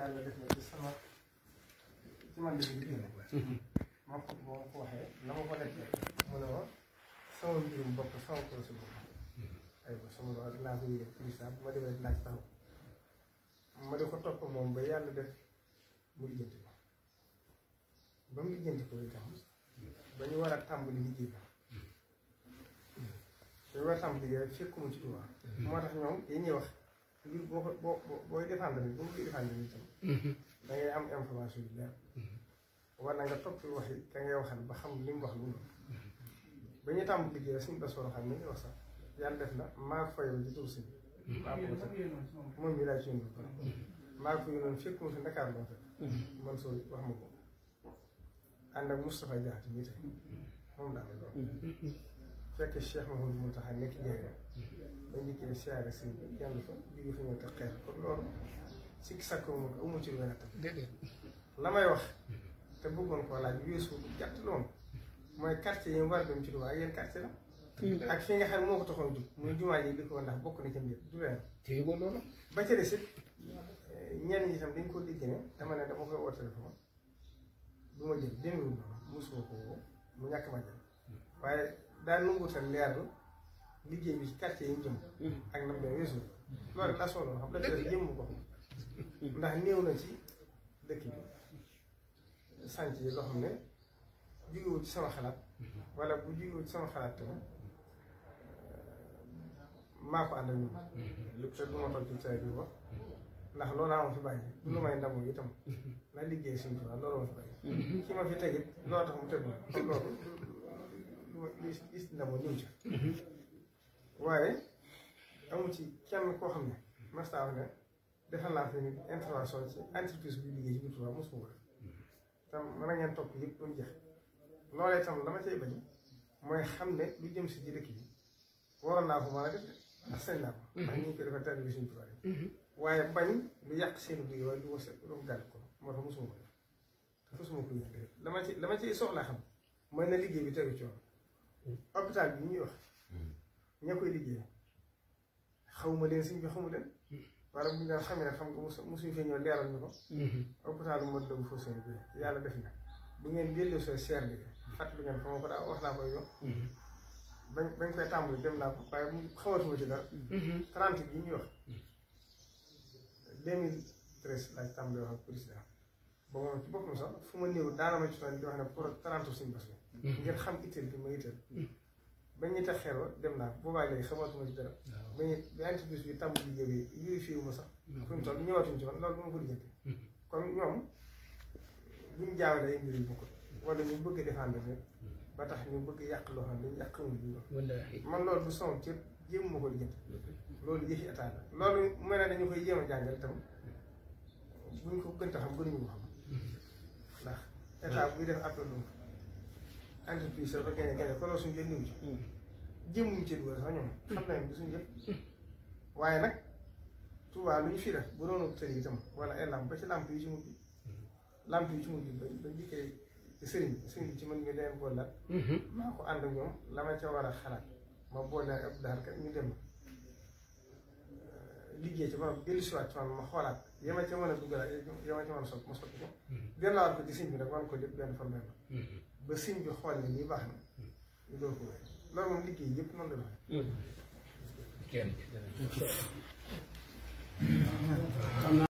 yàlla def na ci sama ci man def bi génn ma ko ba ko waxee na ma ko lekkee mu ne ma sama mbirum bopp sama projet bopp aywa sama loolu laa ko yëg président bu ma demee ko topp moom ba yàlla def mu lijjanti ko ba mu lijjanti ko itam ba ñu war a tàmbali liggéey ba dañu war a tàmbali liggéey fekkuma ci tubaab moo tax ñoom yi ñuy wax ngir boo ko boo booy bi boo koy défendre bi tam mhm. da ngay am information yu leer mhm. wala nga topp wax yi ka ngay waxal ba xam li mu wax lu mu mhm. ba ñu tàmm liggéey rek suñu bés war a xam ni nga wax sax yàlla def na maa ko fayoon ci tur si maa ko sax moom mi ko yónnoon fekk mu fi Ndakaar loo fekk man soo wax ma fekk Cheikh Mahamadou Mountakha nekk njëriñ ba njëkk a siyaare sëñ bi moom amu ci lu tam déedéet la may wax te bëggoon koo laaj weesu gàtt loolu mooy quartier yi mu war a dem ci Touba ak yéen quartier la ak fi nga xam moo ko taxoon jub muy jumaa ji li ko ndax bokk na ci mbir du leen téegoo ba ca des it ñenn tam dañ ko dégg ne dama ne dama koy woo téléphone du ma jël démb mosuma ko woo mu ñàkk ma jël hmm. waaye daa li leeral liggéey bi ci quartier yi ñu mm-hmm. ak mm-hmm. ko ndax néew na ci dëkk bi sànc yi loo xam ne jugewul ci sama xalaat mm-hmm. wala bu jugewul ci sama xalaat tamit euh, maa ko ànd ak ñoom lépp te du toog ci saa bi wax ndax loolu laa fi bàyyi du lu may ndamoo itam la liggéey suñu tubaab loolu ma fi bàyyi ki ma fi tegit loo tax mu tegu loolu islam ñëw ci mhm. waaye amu ci kenn koo xam ne mastaaw ne defal naa fi intervention ci entreprise bi liggéey ci biir Tuubaa mos ko tam mën a ngeen topp yëpp ba mu jeex loolee tam la ma cay bañ mooy xam ne lu jëm si ci dëkk bi waroon naa ko mën a def ndax seen naa ko mhm. ndax ñu ngi ko defal tali bi suñu Tuubaa waaye bañ lu yàq seen biir waaye lu was lu gàll ko moo tax mosuma ko def te mosuma ko def la ma ci la ma ciy soxlaa xam mooy na liggéey bi tegu ci woon hôpital bi ñuy wax. Hmm. ña koy liggéey xaw ma leen sëñ bi xamu leen. wala bu ñu daan xamee xam nga mosu mosu ñu fee ñëw leeral ñu ko. Hmm. hôpital bi moo dëgg foofu seen bi yàlla def na ngeen delloo seen seer bi fàttali ngeen fa ma ko daa wax naa koy yow. Hmm. bañ bañ koy tàmbali dem naa ko waaye mu xamatuma ci dara. trente bi ñuy wax. deux mille laaj tàmbali wax ak président. ba moom ci boppam sax fu ma néew daana ma ci toog di wax ne pour tarantu suñu bas bi ngeen xam itteel gi ma itteel bañ ñu tax xeer dem naa boobaa léegi xamaatuma ci dara ba ñu bi entreprise sax ñu hmm. toll ñëwaatuñ ci man loolu bu ma ko lijjanti hmm. kon ñoom buñ jaawale mbir yu bokkul hmm. wala ñu bëgg defaan rek ba bëgg yàq loo xam ne dañu yàq mu bi man loolu bu soom ci jéem ma ko lijjanti loolu yëfi état la loolu mel ne dañu koy jéem a jàngal tam buñ ko gën xam gënuñu ko xam état buy def appel d'offre entreprise soo ko génne génne ko loolu suñu yëpp ñëw ci. Hmm. jëmuñ ci dugal hmm. xam nañ ko suñu waaye nag Touba lu ñu fi def bu doon tëri itam wala ay lamp ba ci lamp yi ci mujj hmm. lamp yi ci mujj ba ba njëkkee sëriñ sëriñ ci mën nga leen boolal. maa ko ànd ñoom la ma ca war a xalaat ma booleel ak daal kat ñu dem euh, liggéey ci borom dellusiwaat ci man ma xoolaat. yi ma ci mën a dugal ak yi ma ci mën a sot ma sotti ko dellawaat ko ci siñ bi nag wan ko lépp benn for benn ba siñ bi xool ne lii baax na ñu door ko wéy loolu moom liggéey yëpp noonu la doxee kenn